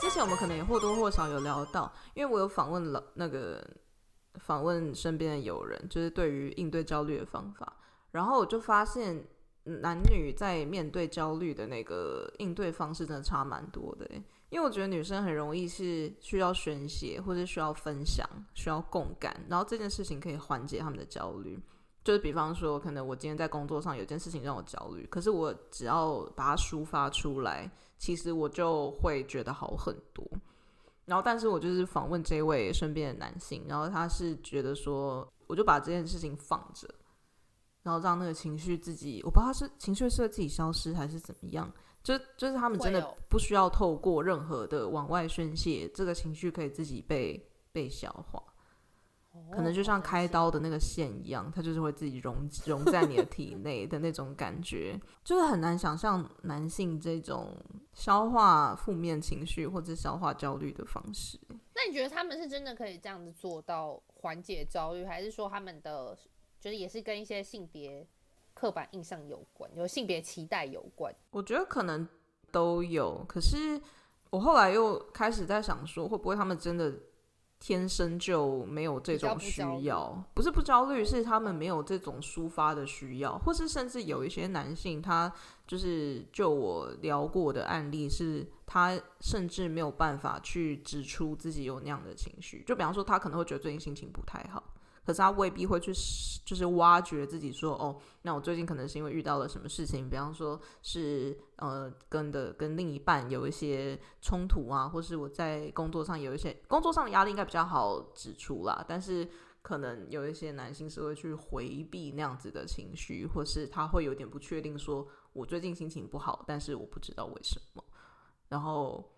之前，我們可能也或多或少有聊到，因為我有訪問了那個訪問身邊的友人，就是對於應對焦慮的方法，然後我就發現男女在面對焦慮的那個應對方式真的差蠻多的。因為我覺得女生很容易是需要宣洩，或者需要分享，需要共感，然後這件事情可以緩解他們的焦慮。就是比方說，可能我今天在工作上有件事情讓我焦慮，可是我只要把它抒發出來，其實我就會覺得好很多。然後，但是我就是訪問這位身邊的男性，然後他是覺得說，我就把這件事情放着，然後讓那個情緒自己，我不知道他是情緒是自己消失還是怎麼樣。就就是他們真的不需要透過任何的往外宣洩，哦、這個情緒可以自己被被消化，可能就像開刀的那個線一樣，哦、它就是會自己融融在你的體內的那種感覺， 就是很難想象，男性這種消化負面情緒或者消化焦慮的方式。那你覺得他們是真的可以這樣子做到緩解焦慮，還是說他們的就是也是跟一些性別？刻板印象有關，有、就是、性別期待有關，我覺得可能都有。可是我後來又開始在想，說會不會他們真的天生就沒有這種需要？不，不是不焦慮，是他們沒有這種抒發的需要，或是甚至有一些男性，他就是就我聊過的案例，是他甚至沒有辦法去指出自己有那樣的情緒。就比方說，他可能會覺得最近心情不太好。可是他未必會去，就是挖掘自己說哦，那我最近可能是因為遇到了什麼事情，比方說是呃，跟的跟另一半有一些衝突啊，或是我在工作上有一些工作上的壓力，應該比較好指出啦。但是可能有一些男性是會去回避那樣子的情緒，或是他會有點不確定，說我最近心情不好，但是我不知道為什麼。然後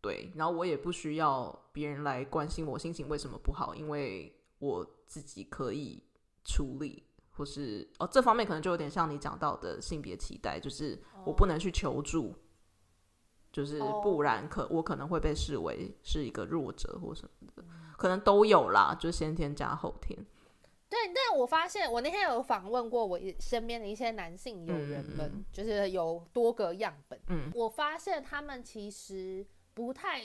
對，然後我也不需要別人來關心我心情為什麼不好，因為。我自己可以處理，或是哦，這方面可能就有點像你講到的性別期待，就是我不能去求助，哦、就是不然可，哦、我可能會被視為是一個弱者或什麼的，嗯、可能都有啦，就先天加後天。對，但我發現我那天有訪問過我身邊的一些男性友人們，嗯、就是有多個樣本，嗯，我發現他們其實。不太，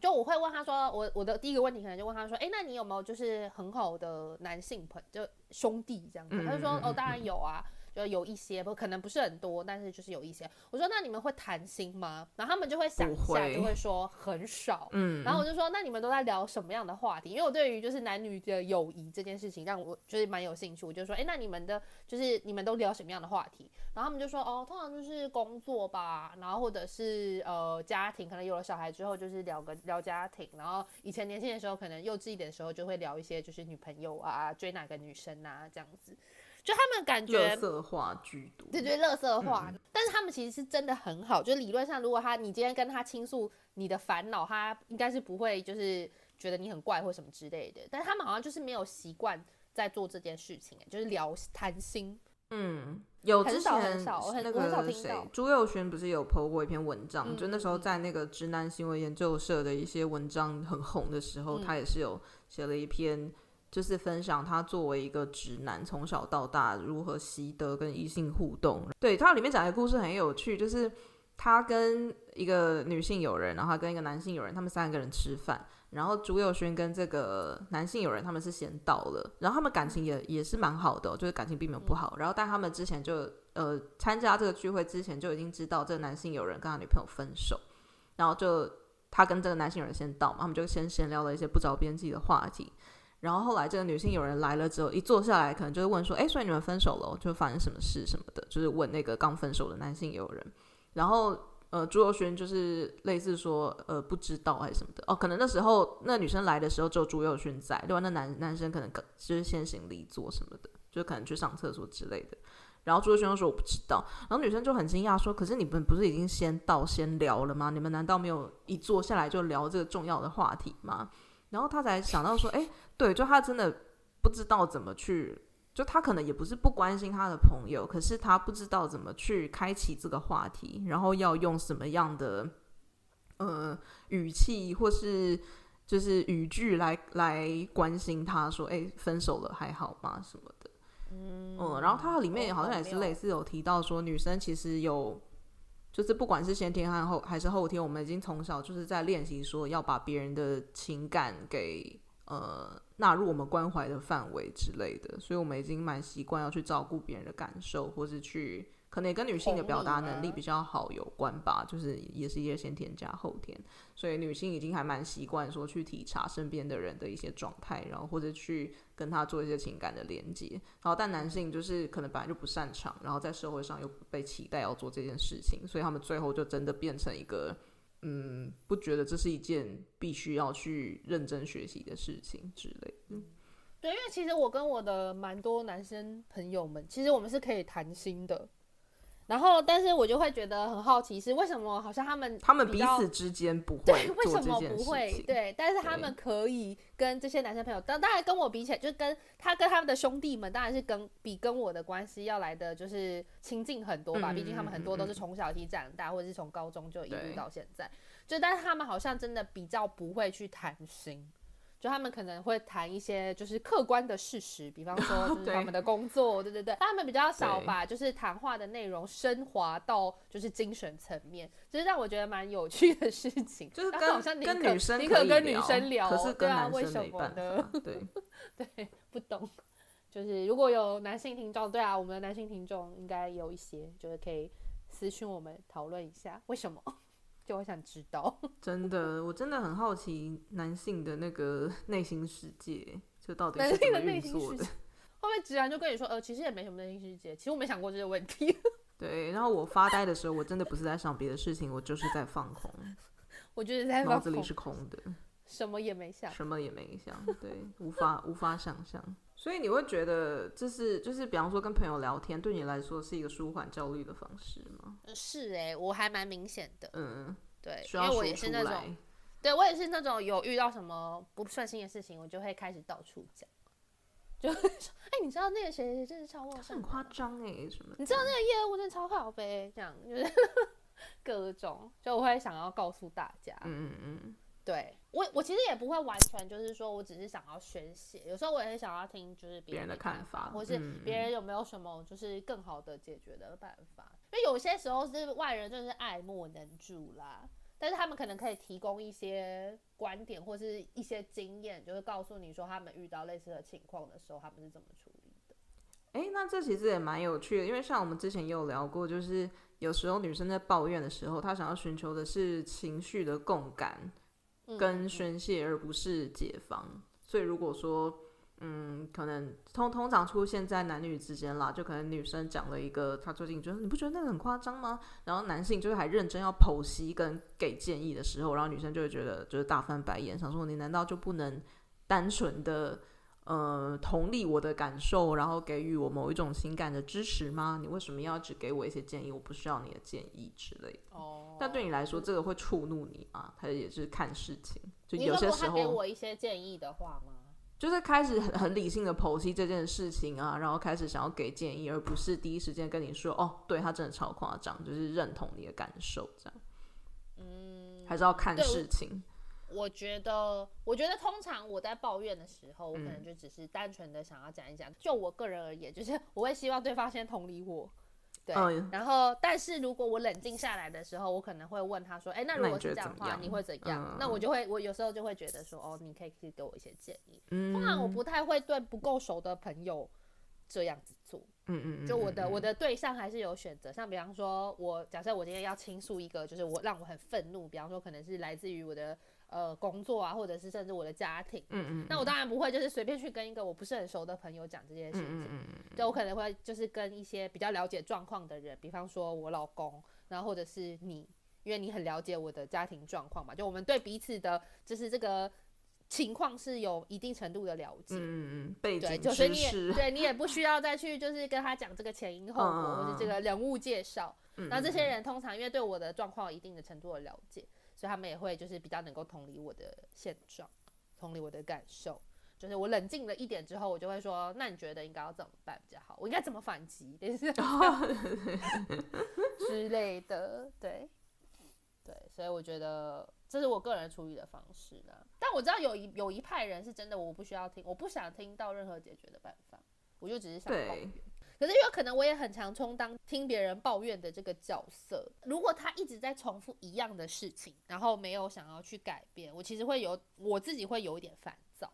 就我會問他說，我我的第一個問題可能就問他說，欸，那你有沒有就是很好的男性朋友，就兄弟這樣子？他就說，哦，當然有啊。就有一些，不，可能不是很多，但是就是有一些。我說，那你們會談心嗎？然後他們就會想一下，會就會說很少。嗯，然後我就說，那你們都在聊什麼樣的話題？因為我對於就是男女的友誼這件事情讓我就是蠻有興趣，我就說，誒，那你們的就是你們都聊什麼樣的話題？然後他們就說哦，通常就是工作吧，然後或者是呃家庭，可能有了小孩之後就是聊個聊家庭，然後以前年輕的時候可能幼稚一點的時候就會聊一些就是女朋友啊，追哪個女生啊這樣子。就他們感覺樂色話，對對樂色話。嗯、但是他們其實是真的很好。就理論上，如果他你今天跟他傾訴你的煩惱，他應該是不會就是覺得你很怪或什麼之類的。但是他們好像就是沒有習慣在做這件事情，欸，就是聊談心。嗯，有很少，很少，之前那個誰，朱佑軒不是有 PO 過一篇文章？嗯、就那時候在那個直男行為研究社的一些文章很紅的時候，嗯、他也是有寫了一篇。就是分享他作為一個直男從小到大如何習得跟異性互動。對，他裡面講的故事很有趣，就是他跟一個女性友人，然後他跟一個男性友人，他們三個人吃飯。然後朱宥勳跟這個男性友人他們是先到了，然後他們感情也也是蠻好的，哦，就是感情並沒有不好。嗯、然後但他們之前就呃參加這個聚會之前就已經知道這個男性友人跟他女朋友分手，然後就他跟這個男性友人先到嘛，他們就先閒聊了一些不着邊際的話題。然後後來這個女性友人來了之後，一坐下來可能就會問說：“哎、欸，所以你們分手了、哦，就發生什麼事什麼的，就是問那個剛分手的男性友人。”然後呃，朱宥勳就是類似說：“呃，不知道還是什麼的。”哦，可能那時候那女生來的時候只有朱宥勳在，另外那男男生可能可就是先行離座什麼的，就可能去上廁所之類的。然後朱宥勳又說：“我不知道。”然後女生就很驚訝說：“可是你們不是已經先到先聊了嗎？你們難道沒有一坐下來就聊這個重要的話題嗎？”然後他才想到說：“哎、欸。”對，就他真的不知道怎麼去，就他可能也不是不關心他的朋友，可是他不知道怎麼去開啟這個話題，然後要用什麼樣的呃語氣或是就是語句來來關心他說：“哎，分手了還好嗎？”什麼的。嗯，嗯然後他裡面好像也是類似有提到說，女生其實有、哦、有就是不管是先天還是後還是後天，我們已經從小就是在練習說要把別人的情感給呃。納入我們關懷的範圍之類的，所以我們已經蠻習慣要去照顧別人的感受，或是去可能也跟女性的表達能力比較好有關吧，就是也是一些先天加後天，所以女性已經還蠻習慣說去體察身邊的人的一些狀態，然後或者去跟他做一些情感的連接，然後但男性就是可能本來就不擅長，然後在社會上又被期待要做這件事情，所以他們最後就真的變成一個。嗯，不覺得這是一件必須要去認真學習的事情之類的。嗯，對，因為其實我跟我的蠻多男生朋友們，其實我們是可以談心的。然後，但是我就會覺得很好奇，是為什麼好像他們他們彼此之間不會對為什麼不會？對，對？但是他們可以跟這些男生朋友，對當然跟我比起來，就跟他跟他們的兄弟們，當然是跟比跟我的關係要來的就是親近很多吧。嗯、畢竟他們很多都是從小一起長大，嗯、或者是從高中就一路到現在。對就但是他們好像真的比較不會去談心。就他們可能會談一些就是客觀的事實，比方說就是他們的工作， 對，對對對。但他們比較少把就是談話的內容升華到就是精神層面，這對是讓我覺得蠻有趣的事情。就是剛跟，跟女生可聊，你可跟女生聊，可是跟男生，對啊，為什麼呢？對 對，不懂。就是如果有男性聽眾，對啊，我們的男性聽眾應該有一些，就是可以私訊我們討論一下為什麼。就我想知道， 真的，我真的很好奇男性的那個內心世界，就到底是怎麼運作男性的內心世界的。後面直男就跟你說，呃，其實也沒什麼內心世界，其實我沒想過這個問題。對，然後我發呆的時候， 我真的不是在想別的事情，我就是在放空，我覺得在腦子裡是空的，什麼也沒想，什麼也沒想，對，無法無法想象。 所以你會覺得這，就是就是，比方說跟朋友聊天，對你來說是一個舒緩焦慮的方式。是誒、欸，我還蠻明顯的，嗯，對，因為我也是那種，對我也是那種有遇到什麼不順心的事情，我就會開始到處講，就會說：‘哎、欸，你知道那個誰誰真的超好，很誇張哎，什麼？你知道那個業務真的超好唄，這樣就是各種，就我會想要告訴大家，嗯嗯。對我，我其實也不會完全就是說，我只是想要宣洩。有時候我也很想要聽，就是別人，人的看法，或是別人有沒有什麼就是更好的解決的辦法。嗯、因為有些時候是外人就是愛莫能助啦，但是他們可能可以提供一些觀點，或是一些經驗，就是告訴你說他們遇到類似的情況的時候，他們是怎麼處理的。欸、那這其實也蠻有趣的，因為像我們之前也有聊過，就是有時候女生在抱怨的時候，她想要尋求的是情緒的共感。跟宣泄而不是解方、嗯、所以如果說，嗯，可能通通常出現在男女之間啦，就可能女生講了一個，她最近覺得你不覺得那個很誇張嗎？然後男性就是還認真要剖析跟給建議的時候，然後女生就會覺得就是大翻白眼，想說你難道就不能單純的？呃，同理我的感受，然後給予我某一種情感的支持嗎？你為什麼要只給我一些建議？我不需要你的建議之類的。哦。但對你來說，這個會觸怒你啊。他也是看事情，就有些時候。給我一些建議的話嗎？就是開始很理性的剖析這件事情啊，然後開始想要給建議，而不是第一時間跟你說哦，對，他真的超誇張，就是認同你的感受這樣。嗯。還是要看事情。我覺得，我覺得通常我在抱怨的時候，我可能就只是單純的想要講一講。嗯、就我個人而言，就是我會希望對方先同理我，對。Oh, yeah. 然後，但是如果我冷靜下來的時候，我可能會問他說：“哎、欸，那如果是這樣的話，你會怎樣？” uh, 那我就會，我有時候就會覺得說：“哦，你可以可以給我一些建議。”嗯，通常我不太會對不夠熟的朋友這樣子做。嗯嗯，嗯，嗯嗯。就我的我的對象還是有選擇，像比方說我，我假設我今天要傾訴一個，就是我讓我很憤怒，比方說可能是來自於我的。呃，工作啊，或者是甚至我的家庭，嗯，嗯，那我當然不會就是隨便去跟一個我不是很熟的朋友講這件事情，嗯，嗯，就我可能會就是跟一些比較了解狀況的人，比方說我老公，然後或者是你，因為你很了解我的家庭狀況嘛，就我們對彼此的，就是這個情況是有一定程度的了解，嗯嗯，對就是你也，對，你也不需要再去就是跟他講這個前因後果、啊、或者這個人物介紹，那、嗯、這些人通常因為對我的狀況有一定的程度的了解。所以他們也會就是比較能夠同理我的現狀，同理我的感受，就是我冷靜了一點之後，我就會說：“那你覺得應該要怎麼辦比較好？我應該怎麼反擊、oh. 之類的？”對對，所以我覺得這是我個人處理的方式啦。但我知道有一有一派人是真的，我不需要聽，我不想聽到任何解決的辦法，我就只是想抱怨。可是，有可能我也很常充當聽別人抱怨的這個角色。如果他一直在重複一樣的事情，然後沒有想要去改變，我其實會有我自己會有一點煩躁。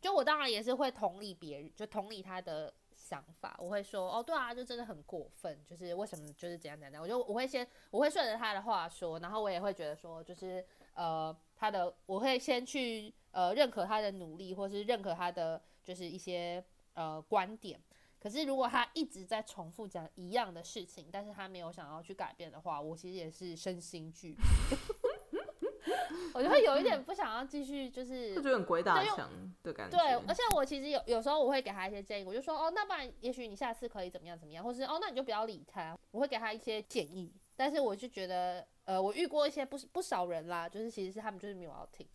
就我當然也是會同理別人，就同理他的想法。我會說：“哦，對啊，就真的很過分，就是為什麼就是怎樣怎樣。”我就我會先我會順着他的話說，然後我也會覺得說，就是呃，他的我會先去呃認可他的努力，或是認可他的就是一些呃觀點。可是，如果他一直在重複講一樣的事情，但是他沒有想要去改變的話，我其實也是身心俱疲， 我就會有一點不想要繼續，就是就覺得很鬼打牆的感覺。對，而且我其實有有時候我會給他一些建議，我就說，哦，那不然也許你下次可以怎麼樣怎麼樣，或是哦，那你就不要理他，我會給他一些建議。但是我就覺得，呃，我遇過一些不不少人啦，就是其實是他們就是沒有要聽，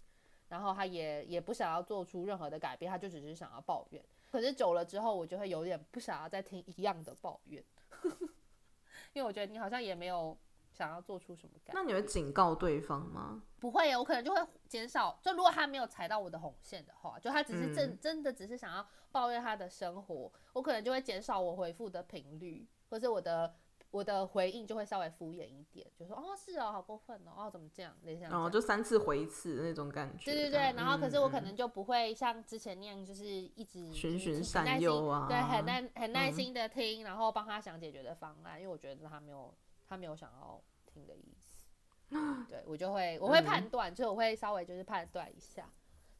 然後他也也不想要做出任何的改變，他就只是想要抱怨。可是久了之後，我就會有點不想要再聽一樣的抱怨， 因為我覺得你好像也沒有想要做出什麼改變。那你會警告對方嗎？不會，我可能就會減少。就如果他沒有踩到我的紅線的話，就他只是真、嗯、真的只是想要抱怨他的生活，我可能就會減少我回復的頻率，或是我的。我的回應就會稍微敷衍一點，就說哦是哦，好過分哦，哦怎麼這樣等一下，然後、哦，就三次回一次那種感覺。對對對，嗯、然後可是我可能就不會像之前那樣，就是一直耐心循循善誘啊，對，很耐很耐心的聽，嗯、然後幫他想解決的方案，因為我覺得他沒有他沒有想要聽的意思，嗯、對我就會我會判斷，嗯、就我會稍微就是判斷一下。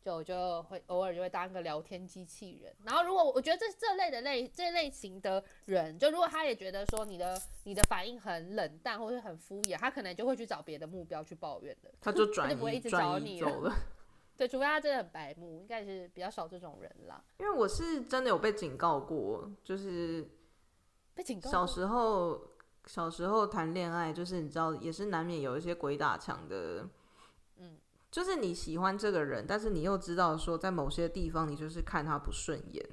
就就會偶爾就會當個聊天機器人，然後如果我覺得這這類的類這類型的人，就如果他也覺得說你的你的反應很冷淡或者是很敷衍，他可能就會去找別的目標去抱怨的，他就轉，他就不會一直找你了。走 對，除非他真的很白目，應該是比較少這種人了。因為我是真的有被警告過，就是被警告。小時候小時候談戀愛，就是你知道也是難免有一些鬼打牆的。就是你喜歡這個人，但是你又知道說，在某些地方你就是看他不順眼，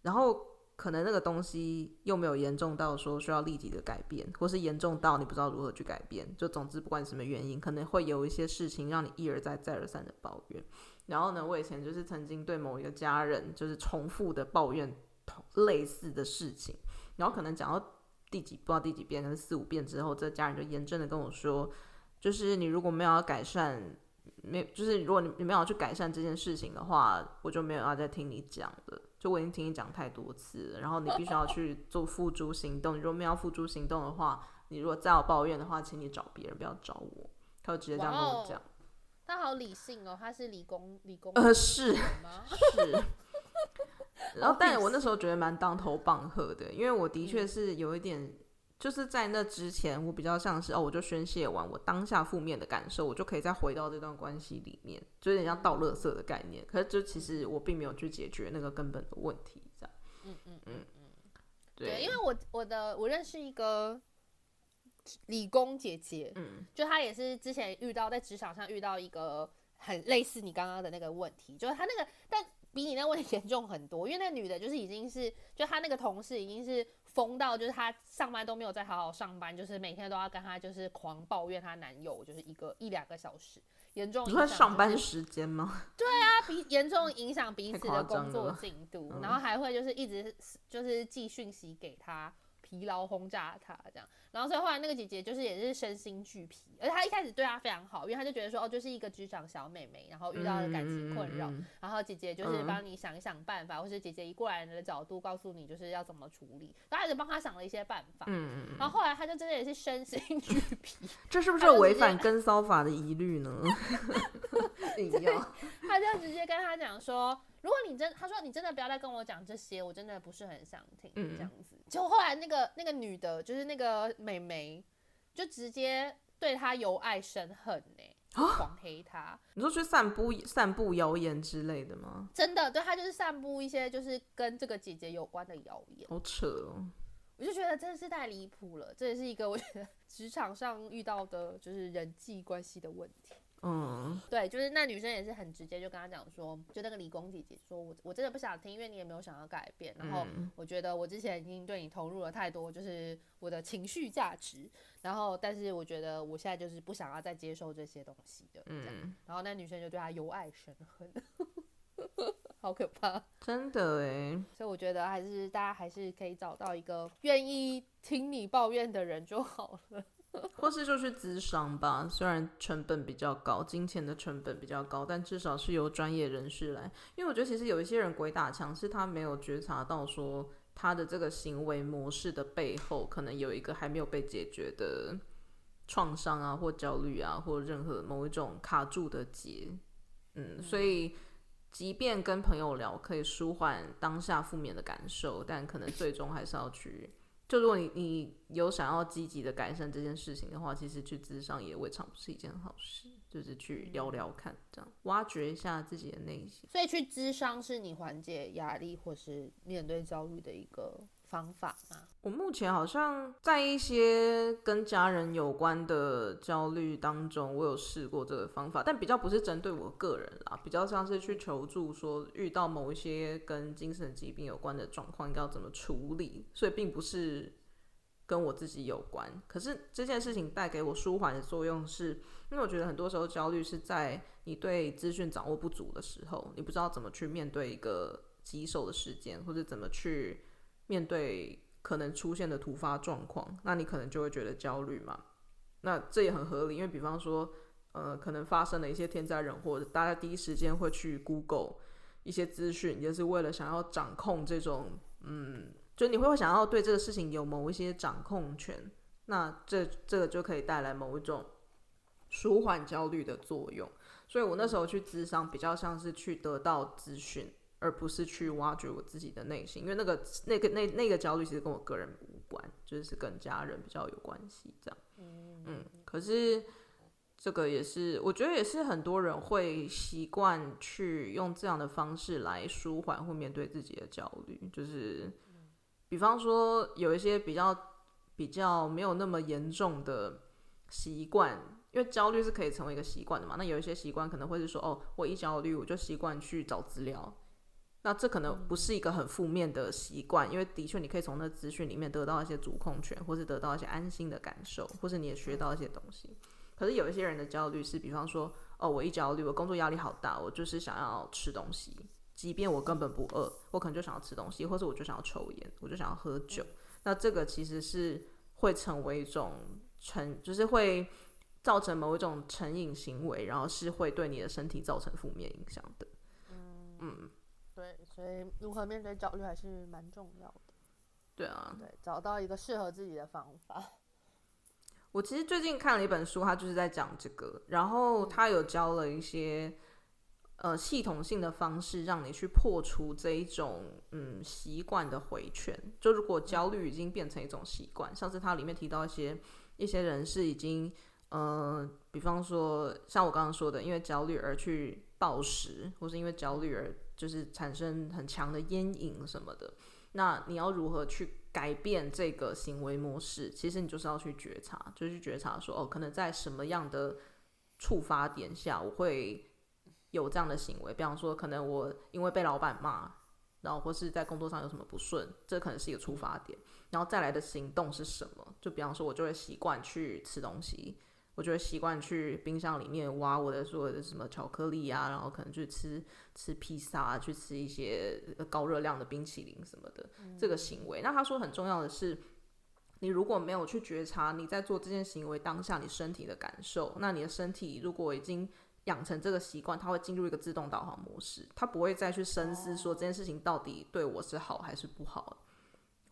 然後可能那個東西又沒有嚴重到說需要立即的改變，或是嚴重到你不知道如何去改變。就總之，不管什麼原因，可能會有一些事情讓你一而再、再而三的抱怨。然後呢，我以前就是曾經對某一個家人就是重複的抱怨類似的事情，然後可能講到第幾不知道第幾遍，可能四五遍之後，這家人就嚴正的跟我說，就是你如果沒有要改善。沒，就是如果你你沒有去改善這件事情的話，我就沒有要再聽你講的。就我已經聽你講太多次了，然後你必須要去做付諸行動。你如果沒有付諸行動的話，你如果再有抱怨的話，請你找別人，不要找我。他就直接這樣跟我講。哦、他好理性哦，他是理工理工，工呃，呃是是。然後，但是我那時候覺得蠻當頭棒喝的，因為我的確是有一點。就是在那之前，我比較像是哦，我就宣洩完我當下負面的感受，我就可以再回到這段關係裡面，就有點像倒垃圾的概念。可是就其實我並沒有去解決那個根本的問題，這樣。嗯嗯嗯嗯，嗯嗯對，因為我我的我認識一個理工姐姐，嗯，就她也是之前遇到在職場上遇到一個很類似你剛剛的那個問題，就是她那個，但比你那個問題嚴重很多，因為那女的就是已經是，就她那個同事已經是。瘋到就是她上班都沒有再好好上班，就是每天都要跟她就是狂抱怨她男友，就是一個一兩個小時，嚴重影響、就是。你說上班時間嗎？對啊，比嚴重影響彼此的工作進度，然後還會就是一直就是寄訊息給她。嗯嗯疲勞轟炸她這樣，然後所以後來那個姐姐，就是也是身心俱疲，而且她一開始對她非常好，因為她就覺得說哦，就是一個職場小妹妹，然後遇到了感情困擾，嗯嗯、然後姐姐就是幫你想一想辦法，嗯、或是姐姐以過來人的角度告訴你就是要怎麼處理，她就開始幫她想了一些辦法，嗯、然後後來她就真的也是身心俱疲。這是不是違反跟騷法的疑慮呢？ 她就直接跟她講說。如果你真他說你真的不要再跟我講這些，我真的不是很想聽。嗯、這樣子，就後來那個那個女的，就是那個美眉，就直接對她由愛生恨呢，欸，狂黑她。啊，你說去散布散布謠言之類的嗎？真的，對她就是散布一些就是跟這個姐姐有關的謠言。好扯哦，我就覺得真的是太離譜了。這也是一個我覺得職場上遇到的就是人際關係的問題。嗯，對，就是那女生也是很直接，就跟他講說，就那個理工姐姐說我，我我真的不想聽，因為你也沒有想要改變，然後我覺得我之前已經對你投入了太多，就是我的情緒價值，然後但是我覺得我現在就是不想要再接受這些東西的，嗯，這樣，然後那女生就對他由愛生恨，好可怕，真的哎，所以我覺得還是大家還是可以找到一個願意聽你抱怨的人就好了。或是就是諮商吧，雖然成本比較高，金錢的成本比較高，但至少是由專業人士來。因為我覺得其實有一些人鬼打牆，是他沒有覺察到，說他的這個行為模式的背後，可能有一個還沒有被解決的創傷啊，或焦慮啊，或任何某一種卡住的結。嗯，所以即便跟朋友聊可以舒緩當下負面的感受，但可能最終還是要去。就如果你你有想要積極的改善這件事情的話，其實去諮商也未嘗不是一件好事，就是去聊聊看，這樣挖掘一下自己的內心。所以去諮商是你緩解壓力或是面對焦慮的一個。方法嗎？我目前好像在一些跟家人有關的焦慮當中，我有試過這個方法，但比較不是針對我個人啦，比較像是去求助，說遇到某一些跟精神疾病有關的狀況，應該要怎麼處理，所以並不是跟我自己有關。可是這件事情帶給我舒緩的作用是，是因為我覺得很多時候焦慮是在你對資訊掌握不足的時候，你不知道怎麼去面對一個棘手的事件，或者怎麼去。面對可能出現的突發狀況，那你可能就會覺得焦慮嘛？那這也很合理，因為比方說，呃，可能發生了一些天災人禍，大家第一時間會去 Google 一些資訊，也就是為了想要掌控這種，嗯，就你會想要對這個事情有某一些掌控權，那這這個就可以帶來某一種舒緩焦慮的作用。所以我那時候去諮商，比較像是去得到資訊。而不是去挖掘我自己的內心，因為那個、那個、那那個焦慮其實跟我個人無關，就是跟家人比較有關係這樣。嗯，可是這個也是，我覺得也是很多人會習慣去用這樣的方式來舒緩或面對自己的焦慮，就是比方說有一些比較比較沒有那麼嚴重的習慣，因為焦慮是可以成為一個習慣的嘛。那有一些習慣可能會是說，哦，我一焦慮我就習慣去找資料。那這可能不是一個很負面的習慣，嗯、因為的確你可以從那資訊裡面得到一些主控權，或者得到一些安心的感受，或者你也學到一些東西。可是有一些人的焦慮是，比方說，哦，我一焦慮，我工作壓力好大，我就是想要吃東西，即便我根本不餓，我可能就想要吃東西，或者我就想要抽煙，我就想要喝酒。嗯、那這個其實是會成為一種成，就是會造成某一種成癮行為，然後是會對你的身體造成負面影響的。嗯。嗯對，所以如何面對焦慮還是蠻重要的。對啊，對，找到一個適合自己的方法。我其實最近看了一本書，它就是在講這個，然後它有教了一些呃系統性的方式，讓你去破除這一種嗯習慣的回圈。就如果焦慮已經變成一種習慣，像是它裡面提到一些一些人是已經嗯、呃，比方說像我剛剛說的，因為焦慮而去暴食，或是因為焦慮而。就是產生很強的煙癮什麼的，那你要如何去改變這個行為模式？其實你就是要去覺察，就是去覺察說，哦，可能在什麼樣的觸發點下我會有這樣的行為。比方說，可能我因為被老板罵，然後或是在工作上有什麼不順，這可能是一個觸發點，然後再來的行動是什麼？就比方說，我就會習慣去吃東西。我覺得習慣去冰箱裡面挖我的所有的什麼巧克力啊，然後可能去吃吃披薩，啊，去吃一些高熱量的冰淇淋什麼的、嗯、這個行為。那他說很重要的是，你如果沒有去覺察你在做這件行為當下你身體的感受，那你的身體如果已經養成這個習慣，它會進入一個自動導航模式，它不會再去深思說，這件事情到底對我是好還是不好。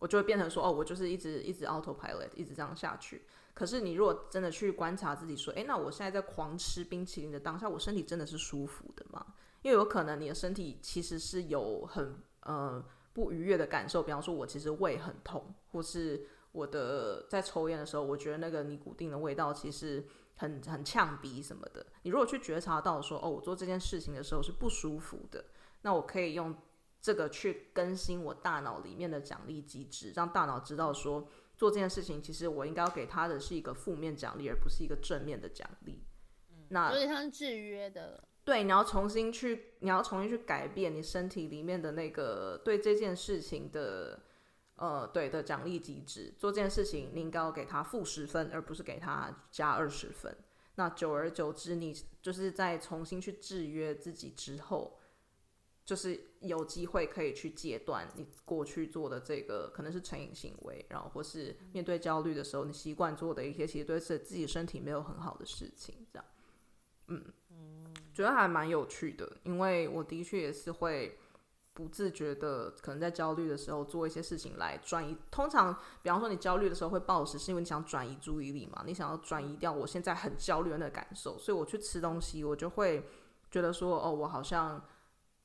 我就會變成說哦，我就是一直一直 autopilot，一直這樣下去。可是你如果真的去觀察自己說，說、欸、誒，那我現在在狂吃冰淇淋的當下，我身體真的是舒服的嗎？因為有可能你的身體其實是有很嗯、呃、不愉悅的感受，比方說我其實胃很痛，或是我的在抽菸的時候，我覺得那個尼古丁的味道其實很很嗆鼻什麼的。你如果去覺察到說哦，我做這件事情的時候是不舒服的，那我可以用。這個去更新我大腦裡面的獎勵機制，讓大腦知道說做這件事情，其實我應該要給他的是一個負面獎勵，而不是一個正面的獎勵。嗯、那所以他是制約的。對，你要重新去，你要重新去改變你身體裡面的那個對這件事情的呃，對的獎勵機制。做這件事情，你應該要給他負十分，而不是給他加二十分。那久而久之，你就是在重新去制約自己之後。就是有機會可以去戒斷你過去做的這個可能是成癮行為，然後或是面對焦慮的時候，你習慣做的一些其實對自己身體沒有很好的事情，這樣，嗯，覺得還蠻有趣的，因為我的確也是會不自覺的，可能在焦慮的時候做一些事情來轉移。通常，比方說你焦慮的時候會暴食，是因為你想轉移注意力嘛？你想要轉移掉我現在很焦慮的那個感受，所以我去吃東西，我就會覺得說，哦，我好像。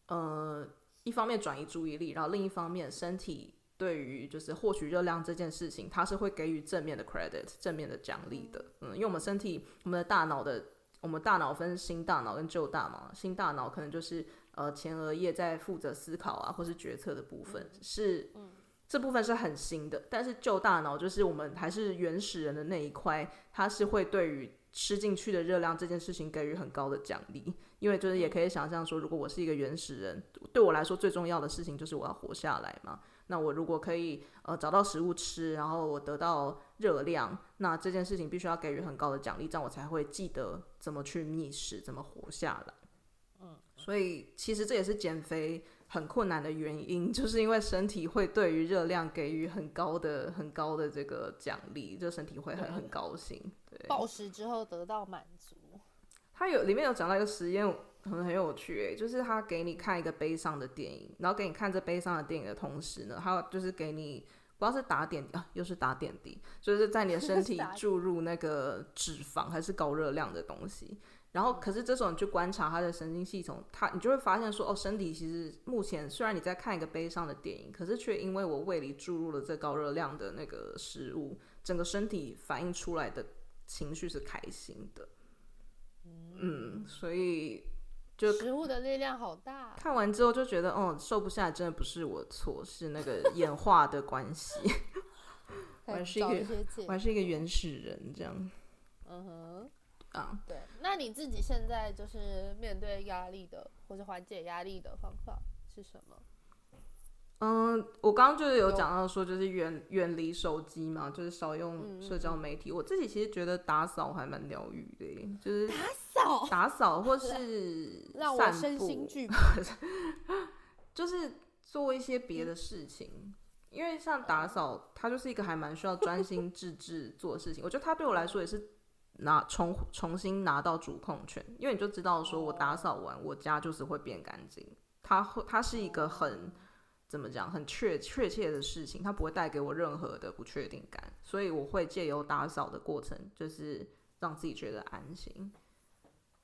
呃，一方面轉移注意力，然後另一方面，身體對於就是獲取熱量這件事情，它是會給予正面的 credit，正面的獎勵的。嗯，因為我們身體，我們的大腦的，我們大腦分新大腦跟舊大腦嘛，新大腦可能就是呃前額葉在負責思考啊，或是決策的部分，嗯、是、嗯、這部分是很新的，但是舊大腦就是我們還是原始人的那一塊，它是會對於吃進去的熱量這件事情給予很高的獎勵。因為就是也可以想象說，如果我是一個原始人，對我來說最重要的事情就是我要活下來嘛。那我如果可以呃找到食物吃，然後我得到熱量，那這件事情必須要給予很高的獎勵，這樣我才會記得怎麼去覓食，怎麼活下來。嗯，所以其實這也是減肥很困難的原因，就是因為身體會對於熱量給予很高的、很高的這個獎勵，就身體會很了很高興。對，暴食之後得到滿。他有，裡面有講到一個實驗，可能很有趣誒，就是他給你看一個悲傷的電影，然後給你看這悲傷的電影的同時呢，他就是給你，不知道是打點滴、啊，又是打點滴，就是在你的身體注入那個脂肪還是高熱量的東西，然後可是這時候你去觀察他的神經系統，他、嗯、你就會發現說，哦，身體其實目前雖然你在看一個悲傷的電影，可是卻因為我胃裡注入了這高熱量的那個食物，整個身體反映出來的情緒是開心的。嗯，所以就植物的力量好大。看完之後就覺得，哦，瘦不下的真的不是我錯， 是那個演化的關係。我還是一個我還是一個原始人這樣。嗯哼，啊，對。那你自己現在就是面對壓力的，或是緩解壓力的方法是什麼？嗯，我剛剛就是有講到說，就是遠遠離手機嘛，就是少用社交媒體。嗯、我自己其實覺得打掃還蠻療癒的，就是打掃打掃，或是散步，讓我身心俱疲 就是做一些別的事情。嗯、因為像打掃，它就是一個還蠻需要專心致志做事情。 我覺得它對我來說也是拿重重新拿到主控權，因為你就知道說我打掃完我家就是會變乾淨，它會它是一個很。怎麼講？很確確切的事情，它不會帶給我任何的不確定感，所以我會借由打掃的過程，就是讓自己覺得安心。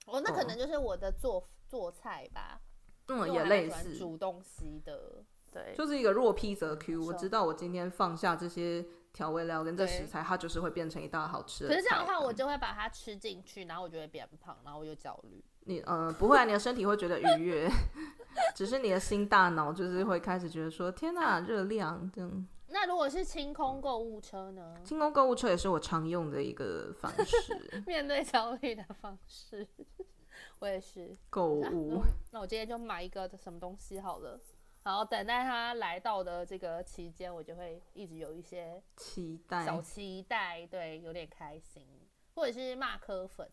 哦，那可能就是我的做做菜吧，嗯，也類似煮東西的，對，就是一個若 P 則 Q 沒錯。我知道我今天放下這些。調味料跟這食材，它就是會變成一道好吃的。可是這樣的話，我就會把它吃進去，然後我就會變胖，然後我就焦慮。你呃不會啊， 你的身體會覺得愉悅， 只是你的新大腦就是會開始覺得說：“天哪、啊，熱、嗯、量！”這樣。那如果是清空購物車呢？清空購物車也是我常用的一個方式， 面對焦慮的方式。我也是購物、啊，那我今天就買一個什麼東西好了。好，等待他來到的這個期間，我就會一直有一些期待、小期待，期待對，有點開心，或者是罵柯粉。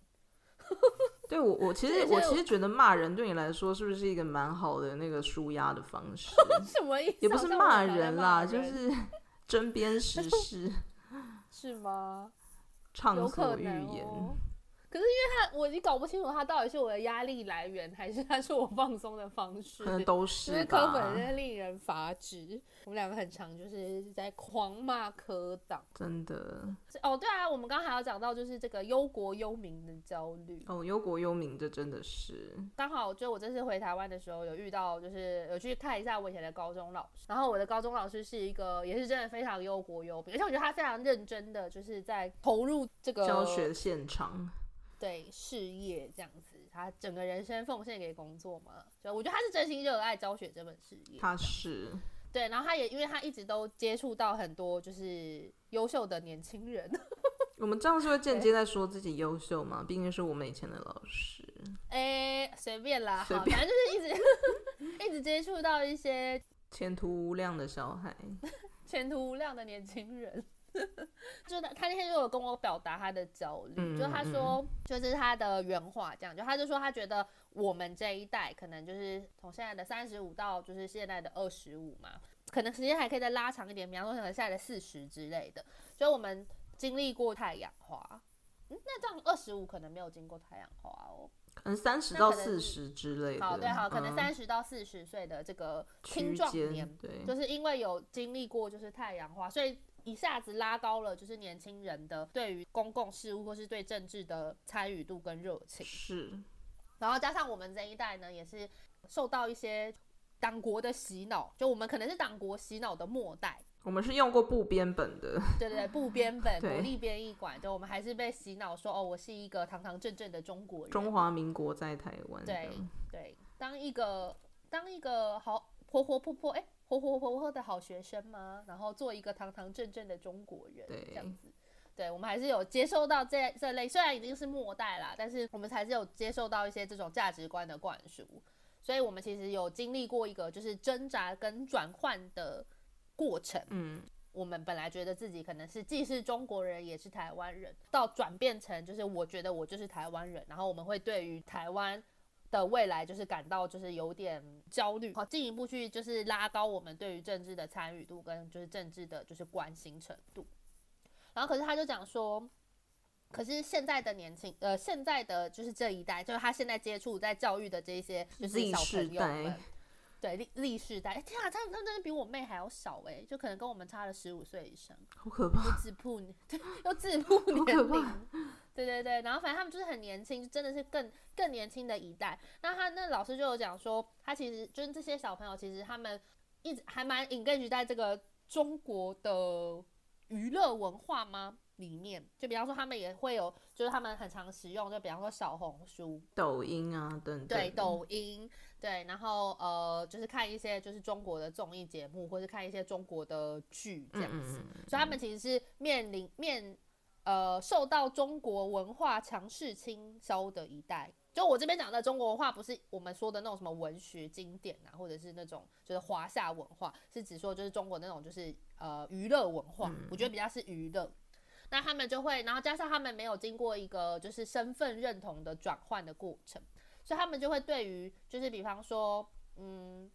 對我，我其實，其實我其實覺得罵人對你來說是不是一個蠻好的那個舒壓的方式？什麼意思？也不是罵人啦、啊，人就是針砭時事， 是嗎？暢所欲言。可是因為他，我已經搞不清楚他到底是我的壓力來源，還是他是我放鬆的方式。可能都是，可是本身令人髮指。我們兩個很常就是在狂罵科黨，真的。哦，對啊，我們剛剛還要講到就是這個憂國憂民的焦慮。哦，憂國憂民，這真的是。剛好，就我這次回台灣的時候，有遇到就是有去看一下我以前的高中老師。然後我的高中老師是一個，也是真的非常憂國憂民，而且我覺得他非常認真的就是在投入這個教學現場。對事業這樣子，他整個人生奉獻給工作嘛，所以我覺得他是真心熱愛教學這門事業。他是對，然後他也因為他一直都接觸到很多就是優秀的年輕人。我們這樣是會間接在說自己優秀嘛。畢對竟是我們以前的老師。哎、欸，隨便啦，好，隨便，反正就是一直 一直接觸到一些前途無量的小孩，前途無量的年輕人。 就他那天就有跟我表達他的焦慮，嗯、就他說、嗯、就是他的原話這樣，就他就說他覺得我們這一代可能就是從現在的三十五到就是現在的二十五嘛，可能時間還可以再拉長一點，比方說可能現在的四十之類的，所以我們經歷過太陽花、嗯，那這樣二十五可能沒有經過太陽花哦，可能三十到四十之類的，好對好，對好嗯、可能三十到四十歲的這個青壯年，對就是因為有經歷過就是太陽花，所以。一下子拉高了，就是年輕人的對於公共事務或是對政治的參與度跟熱情。是，然後加上我們這一代呢，也是受到一些黨國的洗腦，就我們可能是黨國洗腦的末代。我們是用過部編本的。對對對，部編本 對國立編譯館，就我們還是被洗腦說哦，我是一個堂堂正正的中國人，中華民國在台灣。對對，當一個當一個好活活潑潑哎。婆婆婆婆婆欸活活潑潑的好學生嗎？然後做一個堂堂正正的中國人，對這樣子。對，我們還是有接受到這這類，雖然已經是末代啦，但是我們還是有接受到一些這種價值觀的灌輸。所以，我們其實有經歷過一個就是掙扎跟轉換的過程。嗯，我們本來覺得自己可能是既是中國人也是台灣人，到轉變成就是我覺得我就是台灣人，然後我們會對於台灣的未來就是感到就是有點焦慮，好進一步去就是拉高我們對於政治的參與度跟就是政治的就是關心程度，然後可是他就講說，可是現在的年輕呃，現在的就是這一代，就是他現在接觸在教育的這些就是小朋友們。對，歷歷史在，哎、欸、天啊，他們他們真的比我妹還要小誒、欸，就可能跟我們差了十五歲以上，好可怕，又自曝，對， 又自曝年齡，對對對，然後反正他們就是很年輕，真的是更更年輕的一代。那他那老師就有講說，他其實就是這些小朋友，其實他們一直還蠻 engage 在這個中國的娛樂文化嗎？裡面就比方說，他們也會有，就是他們很常使用，就比方說小紅書、抖音啊等等。對，對，對，抖音，對，然後呃，就是看一些就是中國的綜藝節目，或是看一些中國的劇這樣子。嗯嗯嗯嗯。所以他們其實是面臨面呃受到中國文化強勢傾銷的一代。就我這邊講的中國文化，不是我們說的那種什麼文學經典啊，或者是那種就是華夏文化，是指說就是中國那種就是呃娛樂文化。嗯、我覺得比較是娛樂。那他們就會，然後加上他們沒有經過一個就是身份認同的轉換的過程，所以他們就會對於就是比方說，嗯，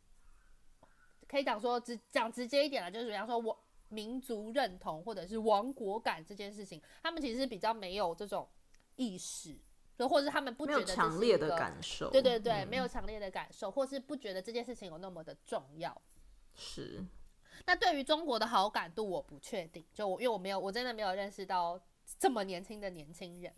可以講說直講直接一點了，就是比方說我民族認同或者是亡國感這件事情，他們其實比較沒有這種意識，就或者是他們不覺得強烈的感受，對對對，嗯、沒有強烈的感受，或是不覺得這件事情有那麼的重要，是。那對於中國的好感度，我不確定。就我，因為我沒有，我真的沒有認識到這麼年輕的年輕人。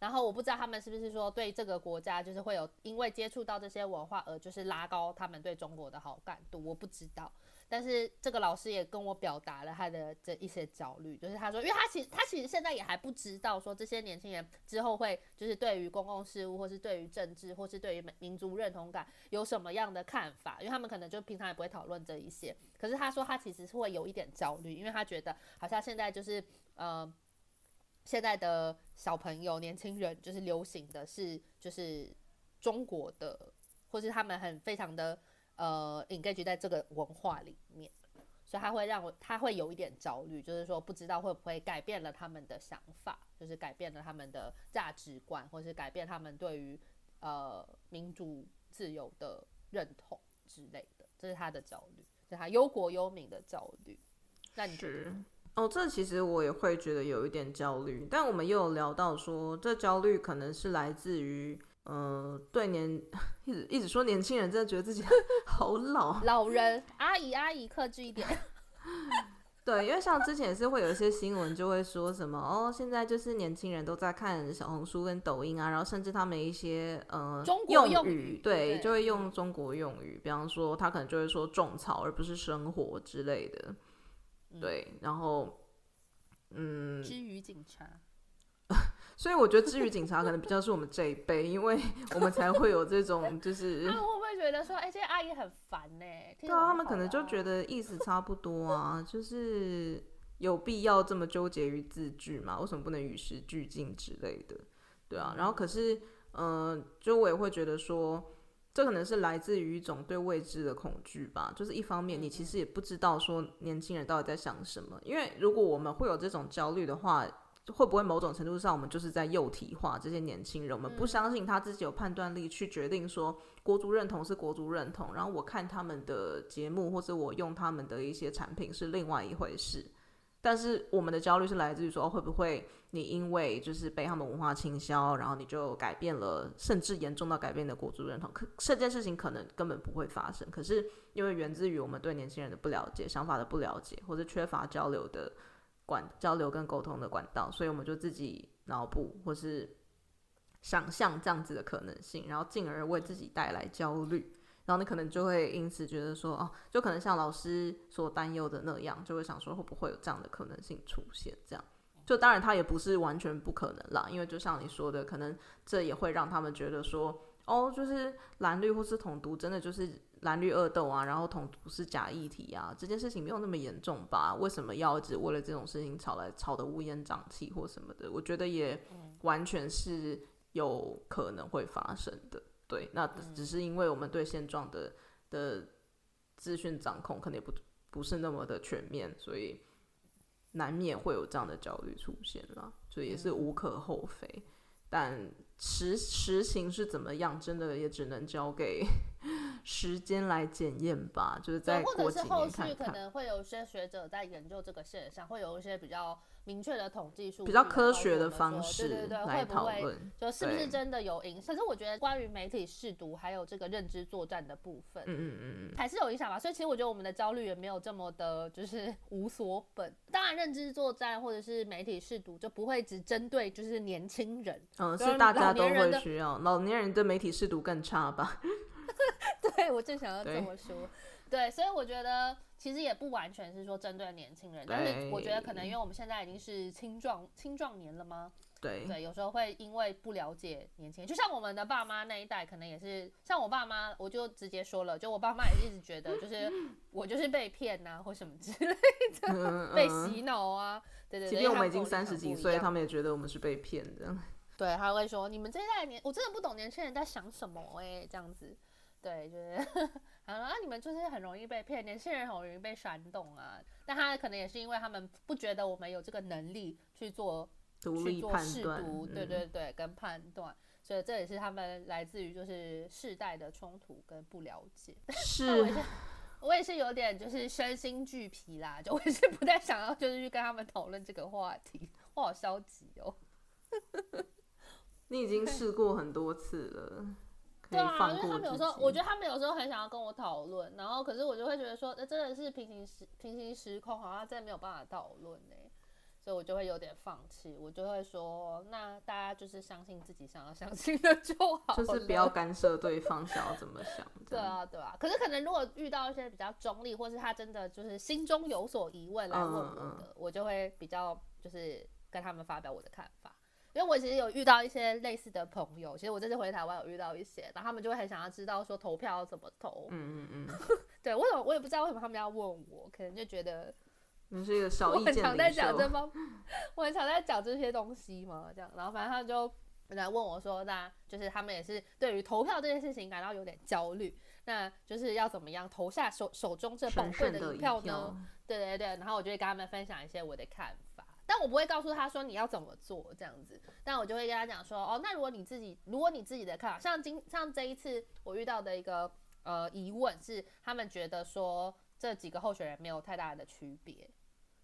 然後我不知道他們是不是說對這個國家，就是會有因為接觸到這些文化而就是拉高他們對中國的好感度，我不知道。但是這個老師也跟我表達了他的這一些焦慮，就是他說，因為他其實他其實現在也還不知道說這些年輕人之後會就是對於公共事務，或是對於政治，或是對於民族認同感有什麼樣的看法，因為他們可能就平常也不會討論這一些。可是他說他其實是會有一點焦慮，因為他覺得好像現在就是嗯、呃，現在的小朋友年輕人就是流行的是就是中國的，或是他們很非常的。呃、uh,，engage 在這個文化裡面，所以他會讓我，他會有一點焦慮，就是說不知道會不會改變了他們的想法，就是改變了他們的價值觀，或是改變他們對於呃民主自由的認同之類的，這是他的焦慮，是他憂國憂民的焦慮。那你覺得？哦，這其實我也會覺得有一點焦慮，但我們又有聊到說，這焦慮可能是來自於。嗯、呃，對年一直一直說年輕人，真的覺得自己好老。老人，阿姨阿姨，克制一點。 對，因為像之前也是會有一些新聞，就會說什麼哦，現在就是年輕人都在看小紅書跟抖音啊，然後甚至他們一些嗯，呃、中國用語，用語對，對就會用中國用語，比方說他可能就會說種草而不是生活之類的。嗯、對，然後嗯，支語警察。所以我覺得，至於警察可能比較是我們這一輩， 因為我們才會有這種，就是會不會覺得說，哎，這些阿姨很煩呢？對啊，他們可能就覺得意思差不多啊，就是有必要這麼糾結於字句嗎？為什麼不能與時俱進之類的？對啊，然後可是，嗯，就我也會覺得說，這可能是來自於一種對未知的恐懼吧。就是一方面，你其實也不知道說年輕人到底在想什麼，因為如果我們會有這種焦慮的話。會不會某種程度上，我們就是在幼體化這些年輕人？我們不相信他自己有判斷力去決定說，國族認同是國族認同，然後我看他們的節目，或者我用他們的一些產品是另外一回事。但是我們的焦慮是來自於說，會不會你因為就是被他們文化傾銷，然後你就改變了，甚至嚴重到改變的國族認同？可這件事情可能根本不會發生。可是因為源自於我們對年輕人的不了解、想法的不了解，或者缺乏交流的，管交流跟溝通的管道，所以我們就自己腦補或是想象這樣子的可能性，然後進而為自己帶來焦慮，然後你可能就會因此覺得說，哦，就可能像老師所擔憂的那樣，就會想說會不會有這樣的可能性出現？這樣，就當然他也不是完全不可能啦，因為就像你說的，可能這也會讓他們覺得說，哦，就是藍綠或是統獨真的就是。藍綠惡鬥啊，然後同不是假議題啊，這件事情沒有那麼嚴重吧？為什麼要只為了這種事情吵來吵得烏煙瘴氣或什麼的？我覺得也完全是有可能會發生的。對，那只是因為我們對現狀的的資訊掌控可能也不不是那麼的全面，所以難免會有這樣的焦慮出現了，所以也是無可厚非。嗯、但實實情是怎麼樣，真的也只能交給時間來檢驗吧，就是在或者是後續可能會有一些學者在研究這個現象，會有一些比較明確的統計數比較科學的方式來討論說，對對對，會不會對就是不是真的有影響？可對是我覺得關於媒體識讀還有這個認知作戰的部分，嗯嗯嗯，還是有影響吧。所以其實我覺得我們的焦慮也沒有這麼的，就是無所本。當然，認知作戰或者是媒體識讀就不會只針對就是年輕人，嗯，是大家都會需要。嗯、老年人對媒體識讀更差吧。 對，我正想要這麼說。對、對，所以我覺得其實也不完全是說針對年輕人，對但是我覺得可能因為我們現在已經是青壯青壯年了嗎？對對，有時候會因為不了解年輕人，就像我們的爸媽那一代，可能也是像我爸媽，我就直接說了，就我爸媽也一直覺得，就是 我就是被騙啊，或什麼之類的，嗯嗯、被洗腦啊。對對對，因為我們已經三十幾歲，他們也覺得我們是被騙的。對，他會說你們這一代年，我真的不懂年輕人在想什麼哎、欸，這樣子。對，就是，然後啊，你們就是很容易被騙，年輕人很容易被煽動啊。但他可能也是因為他們不覺得我們有這個能力去做獨立判斷，嗯、對對對，跟判斷，所以這也是他們來自於就是世代的衝突跟不了解。是，是，我也是有點就是身心俱疲啦，就我也是不太想要就是去跟他們討論這個話題，我好消極哦、喔。你已經試過很多次了。 對啊，因為他們有時候，我覺得他們有時候很想要跟我討論，然後可是我就會覺得說，那真的是平行時平行時空，好像真的沒有辦法討論呢，所以我就會有點放棄，我就會說，那大家就是相信自己想要相信的就好了，就是不要干涉對方想 要怎麼想。對， 對啊，對啊。可是可能如果遇到一些比較中立，或是他真的就是心中有所疑問來問我的，嗯嗯，我就會比較就是跟他們發表我的看法。因為我其實有遇到一些類似的朋友，其實我這次回台灣有遇到一些，然後他們就會很想要知道說投票要怎麼投，嗯嗯嗯 對，對我也我也不知道為什麼他們要問我，可能就覺得，你是一個小我，我很常在講這方，我很常在講這些東西嘛，這樣，然後反正他們就來問我說，那就是他們也是對於投票這件事情感到有點焦慮，那就是要怎麼樣投下手手中這寶貴的一票呢？票對對對，然後我就會跟他們分享一些我的看法。但我不會告訴他說你要怎麼做這樣子，但我就會跟他講說，哦，那如果你自己，如果你自己的看法，像今像這一次我遇到的一個呃疑問是，他們覺得說，這幾個候選人沒有太大的區別，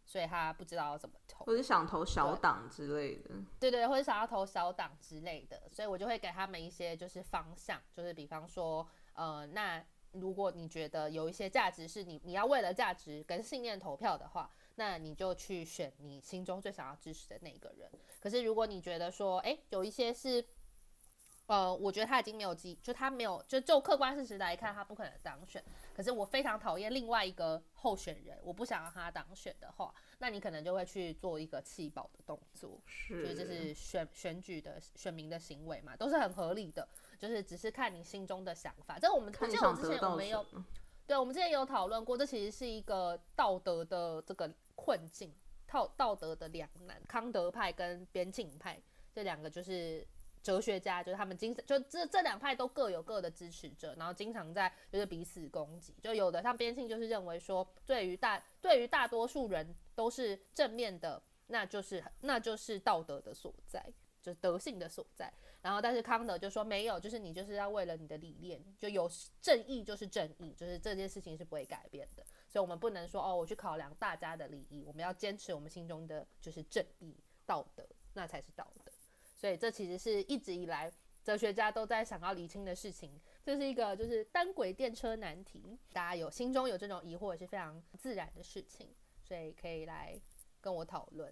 所以他不知道要怎麼投，或者是想投小黨之類的，對，對對，或者想要投小黨之類的，所以我就會給他們一些就是方向，就是比方說，呃，那如果你覺得有一些價值是你你要為了價值跟信念投票的話。那你就去選你心中最想要支持的那一個人。可是如果你覺得說，誒、欸，有一些是，呃，我覺得他已經沒有機，就他沒有，就就客觀事實來看，嗯、他不可能當選。可是我非常討厭另外一個候選人，我不想讓他當選的話，那你可能就會去做一個棄保的動作。所以這是選選舉的選民的行為嘛，都是很合理的，就是只是看你心中的想法。這我們，而且我之前我們有，對，我們之前有討論過，這其實是一個道德的這個困境、道道德的兩難，康德派跟邊沁派這兩個就是哲學家，就是他們經常就這這兩派都各有各的支持者，然後經常在就是彼此攻擊。就有的像邊沁就是認為說，對於大對於大多數人都是正面的，那就是那就是道德的所在，就是德性的所在。然後但是康德就說沒有，就是你就是要為了你的理念，就有正義就是正義，就是這件事情是不會改變的。所以，我們不能說哦，我去考量大家的利益。我們要堅持我們心中的就是正義、道德，那才是道德。所以，這其實是一直以來哲學家都在想要理清的事情。這是一個就是單軌電車難題，大家有心中有這種疑惑也是非常自然的事情，所以可以來跟我討論。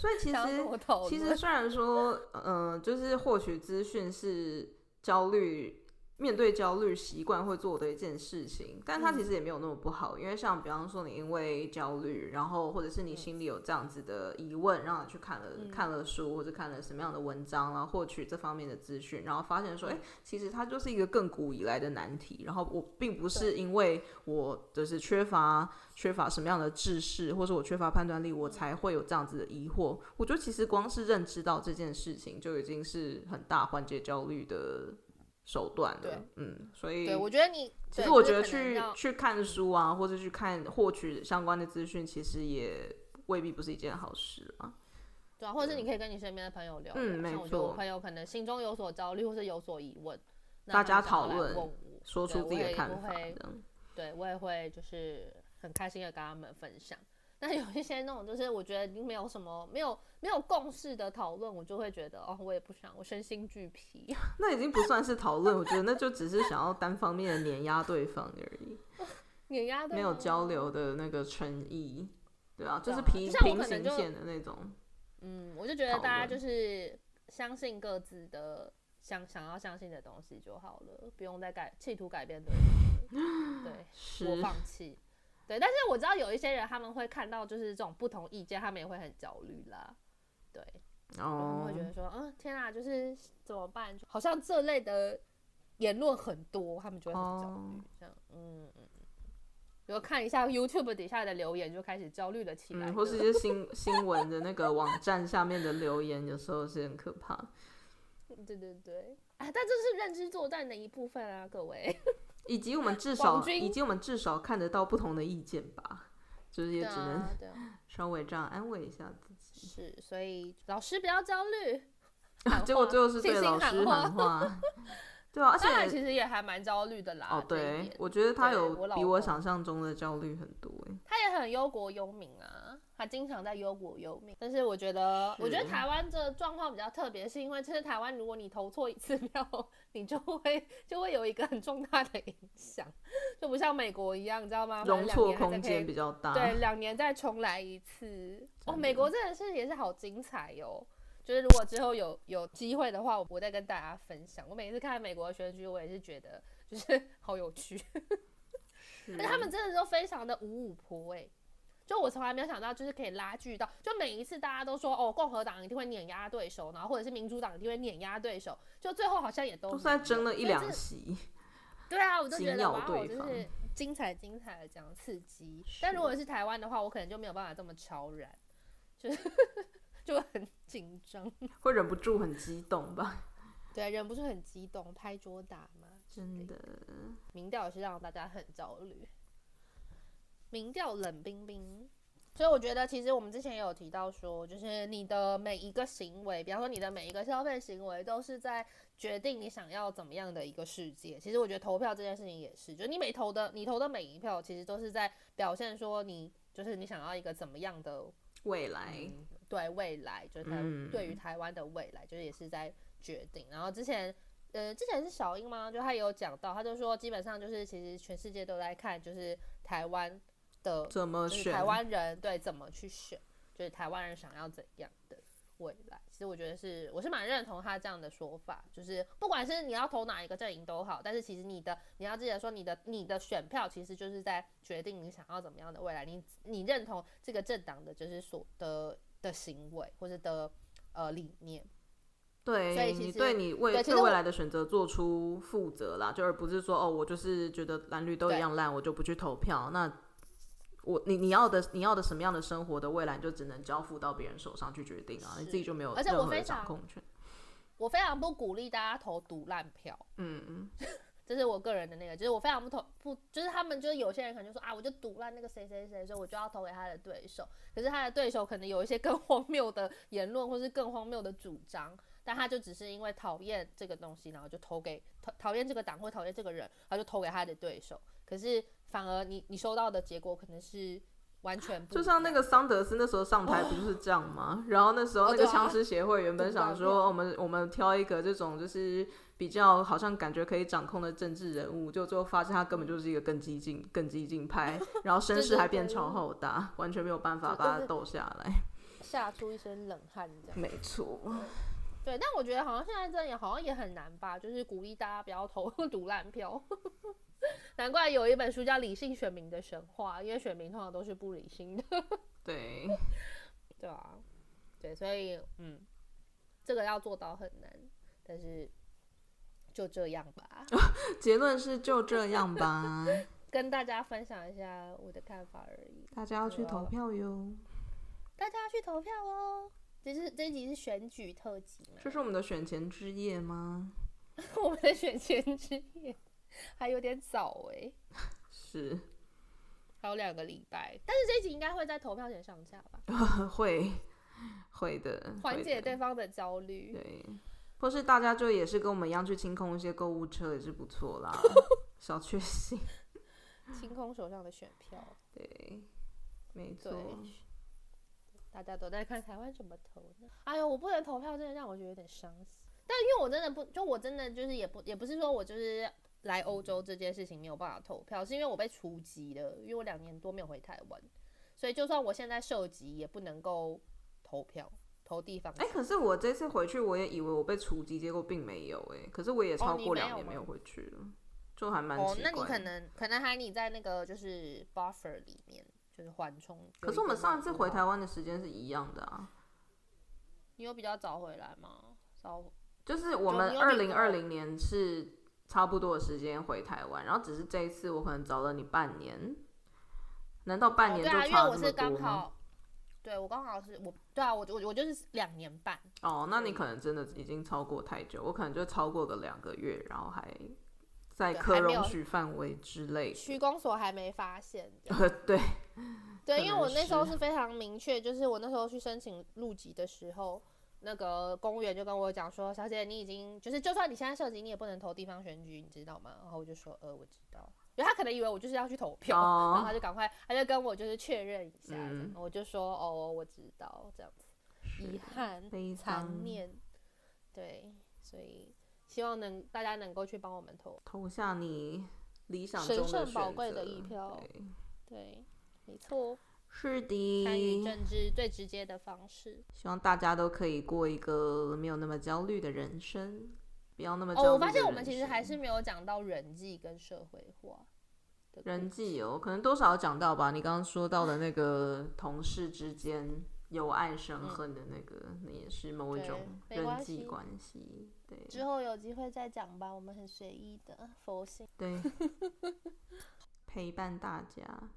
所以其實，我討論其實雖然說，嗯、呃，就是獲取資訊是焦慮。面對焦慮，習慣會做的一件事情，但他其實也沒有那麼不好，嗯、因為像比方說，你因為焦慮，然後或者是你心裡有這樣子的疑問，讓你去看了、嗯、看了書或者看了什麼樣的文章，然後獲取這方面的資訊，然後發現說，誒、嗯欸，其實它就是一個亙古以來的難題。然後我並不是因為我就是缺乏缺乏什麼樣的知識，或者我缺乏判斷力，我才會有這樣子的疑惑。我覺得其實光是認知到這件事情，就已經是很大緩解焦慮的手段對，嗯，所以，對，我覺得你，其實我覺得去去看書啊，或者去看獲取相關的資訊，其實也未必不是一件好事嘛啊。對啊，或者是你可以跟你身邊的朋友聊聊，嗯，沒錯，朋友可能心中有所焦慮，或是有所疑問，大家討論，說出自己的看法，對，我也，這樣。對，我也會就是很開心的跟他們分享。但有一些那種，就是我覺得已經沒有什麼、沒有、沒有共識的討論，我就會覺得哦，我也不想，我身心俱疲。那已經不算是討論， 我覺得那就只是想要單方面的碾壓對方而已， 碾壓對方。沒有交流的那個誠意，對，對啊，就是平行線的那種。嗯，我就覺得大家就是相信各自的想想要相信的東西就好了，不用再改，企圖改變對方。對，我放棄。對，但是我知道有一些人，他們會看到就是這種不同意見，他們也會很焦慮啦。對，哦，oh. 然後會覺得說，嗯，天啊，就是怎麼辦？好像這類的言論很多，他們就會很焦慮。Oh. 這樣，嗯，如果看一下 YouTube 底下的留言，就開始焦慮了起來了，嗯。或是一些新新聞的那個網站下面的留言，有時候是很可怕。 對對對，啊，但這是認知作戰的一部分啊，各位。以及我們至少，君以及我們至少看得到不同的意見吧，就是也只能，啊啊，稍微這樣安慰一下自己。是，所以老師不要焦慮，結果最後是對老師喊話。信心喊話 對啊，而且其實也還蠻焦慮的啦。哦，對，我覺得他有比我想象中的焦慮很多。他也很憂國憂民啊。經常在憂國憂民，但是我覺得，是我覺得台灣這狀況比較特別，是因為其實台灣，如果你投錯一次票，你就會就會有一個很重大的影響，就不像美國一樣，你知道嗎？年容錯空間比較大。對，兩年再重來一次。點哦，美國真的是也是好精彩喲，哦，就是如果之後有有機會的話，我不會再跟大家分享。我每次看美國的選舉，我也是覺得就是好有趣，但、 啊、他們真的是非常的五五波，欸。位。就我從來沒有想到，就是可以拉鋸到，就每一次大家都說哦，共和黨一定會碾壓對手，然後或者是民主黨一定會碾壓對手，就最後好像也都算在爭了一兩席。是對，對啊，我就覺得哇，我就是精彩精彩的這樣刺激。是但如果是台灣的話，我可能就沒有辦法這麼超然，就是 就很緊張，會忍不住很激動吧？對，忍不住很激動，拍桌打嘛，真的。民調也是讓大家很焦慮。民調冷冰冰，所以我覺得其實我們之前也有提到說，就是你的每一個行為，比方說你的每一個消費行為，都是在決定你想要怎麼樣的一個世界。其實我覺得投票這件事情也是，就是你每投的，你投的每一票，其實都是在表現說你就是你想要一個怎麼樣的未來，嗯、對未來，就是他對於台灣的未來，就是、嗯、就也是在決定。然後之前，呃，之前是小英嗎？就他有講到，他就說基本上就是其實全世界都在看，就是台灣。的怎麼選？台灣人對怎麼去選？就是台灣人想要怎樣的未來？其實我覺得是，我是蠻認同他這樣的說法，就是不管是你要投哪一個陣營都好，但是其實你的你要記得說，你的你的選票其實就是在決定你想要怎麼樣的未來。你你認同這個政黨的就是所得的行為或者的呃理念，對，所以其實你對你未對，對，對未來的選擇做出負責啦，就而不是說哦，我就是覺得藍綠都一樣爛，對我就不去投票那。我你你要的你要的什麼樣的生活的未來就只能交付到別人手上去決定啊，你自己就沒有任何的掌控權。而且我非常，我非常不鼓勵大家投賭爛票。嗯嗯，這是我個人的那個，就是我非常不投不，就是他們就是有些人可能就說啊，我就賭爛那個誰誰誰，所以我就要投給他的對手。可是他的對手可能有一些更荒謬的言論，或是更荒謬的主張，但他就只是因為討厭這個東西，然後就投給討討厭這個黨或討厭這個人，他就投給他的對手。可是。反而，你你收到的結果可能是完全不一樣。就像那個桑德斯那時候上台不就是這樣嗎？哦、然後那時候那個槍支協會原本想說我們、哦、對啊、我們挑一個這種就是比較好像感覺可以掌控的政治人物，嗯、就最後發現他根本就是一個更激進、嗯、更激進派，然後聲勢還變超浩大， 就是、完全沒有辦法把他鬥下來、哦就是，嚇出一身冷汗這樣。沒錯錯，對，但我覺得好像現在這樣好像也很難吧，就是鼓勵大家不要投賭爛 爛票。 難怪有一本書叫《理性選民的神話》，因為選民通常都是不理性的。對， 對啊，對，所以嗯，這個要做到很難，但是就這樣吧。 結論是就這樣吧， 跟大家分享一下我的看法而已。大家要去投票喲！大家要去投票哦！這是這一集是選舉特輯，這是我們的選前之夜嗎？ 我們的選前之夜。還有點早哎、欸，是，還有兩個禮拜，但是這一集應該會在投票前上架吧？會，會的，緩解對方的焦慮，對，或是大家就也是跟我們一樣去清空一些購物車也是不錯啦， 小確幸， 清空手上的選票，對，沒錯，大家都在看，看台灣怎麼投呢？哎呦，我不能投票真的讓我覺得有點傷心，但因為我真的不就我真的就是也不也不是說我就是。來歐洲這件事情沒有辦法投票，是因為我被除籍了，因為我兩年多沒有回台灣，所以就算我現在受籍也不能夠投票投地方投。哎、欸，可是我這次回去，我也以為我被除籍，結果並沒有。哎，可是我也超過兩年沒有回去了，哦、就還蠻奇怪、哦、那你可能可能還你在那個就是 buffer 裡面，就是緩衝，就一個緩衝、啊。可是我們上一次回台灣的時間是一樣的啊，你有比較早回來嗎？早，就是我們二零二零年是。差不多的時間回台灣，然後只是這一次我可能找了你半年，難道半年就差那麼多嗎？、哦對啊、因為我是剛好，對，我剛好是我對啊，我我我就是兩年半。哦，那你可能真的已經超過太久，對我可能就超過個兩個月，然後還在可容許範圍之內，區公所還沒發現。對， 對，對因為我那時候是非常明確，就是我那時候去申請入籍的時候。那個公務員就跟我講說，小姐，你已經就是，就算你現在設籍，你也不能投地方選舉，你知道嗎？然後我就說，呃，我知道，因為他可能以為我就是要去投票，哦、然後他就趕快，他就跟我就是確認一下，嗯、然後我就說，哦，我知道，這樣子，是，遺憾、殘念，非常，對，所以希望能大家能夠去幫我們投，投下你理想中神聖寶貴的一票，對，對，沒錯。是的，參與政治最直接的方式。希望大家都可以過一個沒有那麼焦慮的人生，不要那麼焦慮、哦。我發現我們其實還是沒有講到人際跟社會化的。人際哦，可能多少有講到吧。你剛剛說到的那個同事之間由愛生恨的那個，嗯、那也是某一種人際關係、嗯。對，對之後有機會再講吧。我們很隨意的佛性，對， 陪伴大家。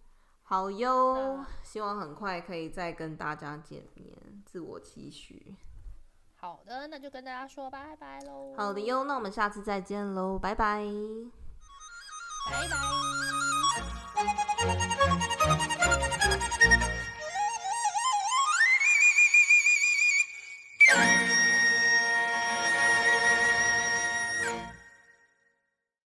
好喲，啊、希望很快可以再跟大家見面，自我期許。好的，那就跟大家說拜拜嘍。好的喲，那我們下次再見嘍，拜拜，拜拜。